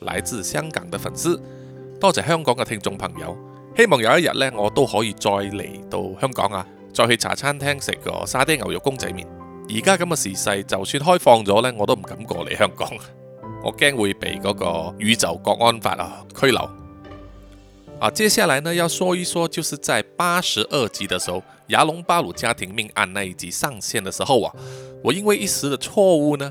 來自香港的粉絲，多謝香港嘅聽眾朋友。希望有一日呢，我都可以再嚟到香港啊，再去茶餐廳食個沙爹牛肉公仔麵。而家咁嘅時勢，就算開放咗呢，我都唔敢過嚟香港，我驚會被嗰個宇宙國安法啊拘留。啊，接下來呢要說一說，就是在八十二集的時候，雅隆巴魯家庭命案那一集上線的時候啊，我因為一時的錯誤呢。